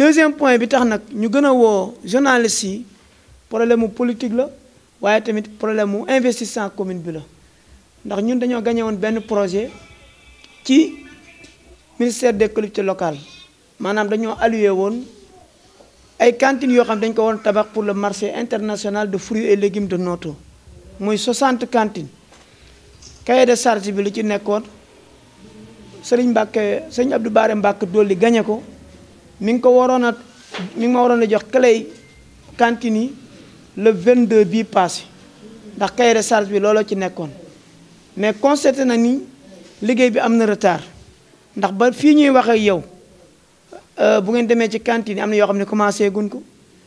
deuxième point bi tax nag ñu gën a woo journaliste yi problème mu politique la waaye tamit problème mu investissement commune bi la ndax ñun dañoo gagné woon benn projet ci ministère des collectivités locales maanaam dañoo alloué woon ay cantines yoo xam dañ ko woon tabax pour le marché international de fruits et légumes de Noto muy 60 cantines cahier de charge bi lu ci nekkoon Serigne Mbacke Serigne Abdou Bare Mbacke dolli gagné ko. mi ngi ko waroon a mi ngi ma waroon a jox clé cantine yi le 22 bii passé ndax cahier de charge bi looloo ci nekkoon mais constaté na ni liggéey bi am na retard ndax ba fii ñuy wax ak yow euh, bu ngeen demee ci cantine am na yoo xam ne commencé gun ko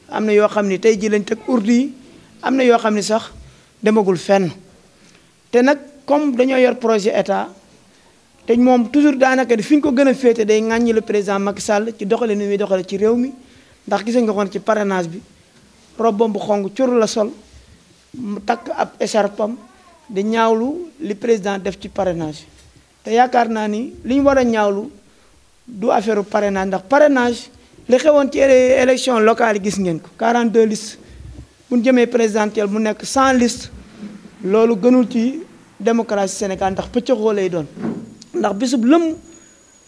am na yoo xam ne tey ji lañ teg urdu yi am na yoo xam ne sax demagul fenn te nag comme dañoo yor projet état. te moom toujours daanaka fi ñu ko gën a féete day ŋàññi le président Macky Sall ci doxale ni muy doxale ci réew mi ndax gis nga xoon ci parrainage bi robam bu xonk curu la sol mu takk ab écharpam di ñaawlu li président def ci parenage te yaakaar naa ni li ñu war a ñaawlu du affaire parrainage ndax parenage li xewoon ci élection locale yi gis ngeen ko 42 listes bu ñu jëmee présidentielle mu nekk 100 listes loolu gënul ci démocratie Sénégal ndax pëccëxoo lay doon ndax bésub lëmm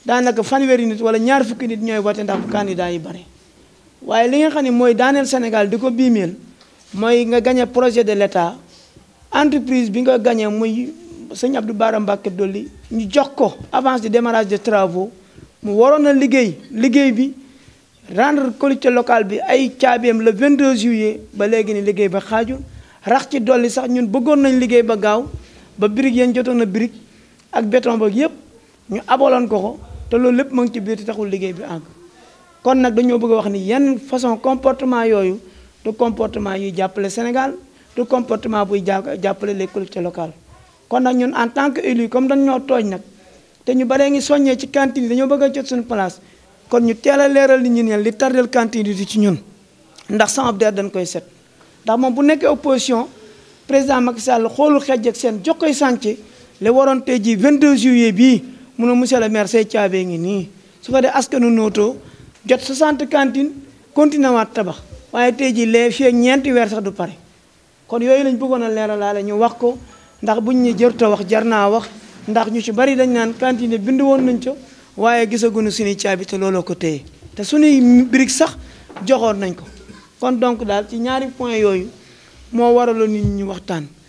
daanaka fanweeri nit wala ñaar fukki nit ñooy voté ndax candidat yi bari waaye li nga xam ne mooy daaneel Sénégal di ko biimeel mooy nga gañe projet de l'État entreprise bi nga gañe muy sëñ Abdou Bara Mbacké Dolly ñu jox ko avance de démarrage de travaux mu waroon na liggéey liggéey bi rendre collectivité locale bi ay caabeem vingt 22 juillet ba léegi ni liggéey ba xaajul rax ci dolli sax ñun bëggoon nañ liggéey ba gaaw ba birig yéen jotoon na birig ak béton boog yëpp ñu aboloon ko ko te loolu lépp mu ngi ci biir te taxul liggéey bi àgg kon nag dañoo bëgg a wax ni yan façon comportement yooyu du comportement yuy jàppale Sénégal du comportement buy jàppale les collectivités locales kon nag ñun en tant que élu comme dañoo tooñ nag te ñu baree ngi soññee ci cantine dañoo bëgg a jot suñu place kon ñu teel a leeral ni ñu neen li tardel cantine yi ci ñun ndax sans obdère dañ koy set ndax moom bu nekkee opposition président Macky Sall xoolul xeej seen jox koy sànce li waroon tey vingt 22 juillet bii mu ne monsieur le maire say caabee ngi nii su ko dee askanu Noto jot 60 cantines continué waat tabax waaye tey ji lee fii ñeenti weer sax du pare kon yooyu lañ bëggoon a leeralaale ñu wax ko ndax buñ ñu jër ta wax jar naa wax ndax ñu ci bari dañ naan cantine bind woon nañ co waaye gisaguñu suñuy caabi te looloo ko téye te suñuy brique sax joxoon nañ ko kon donc daal ci ñaari point yooyu moo waraloon nit ñi waxtaan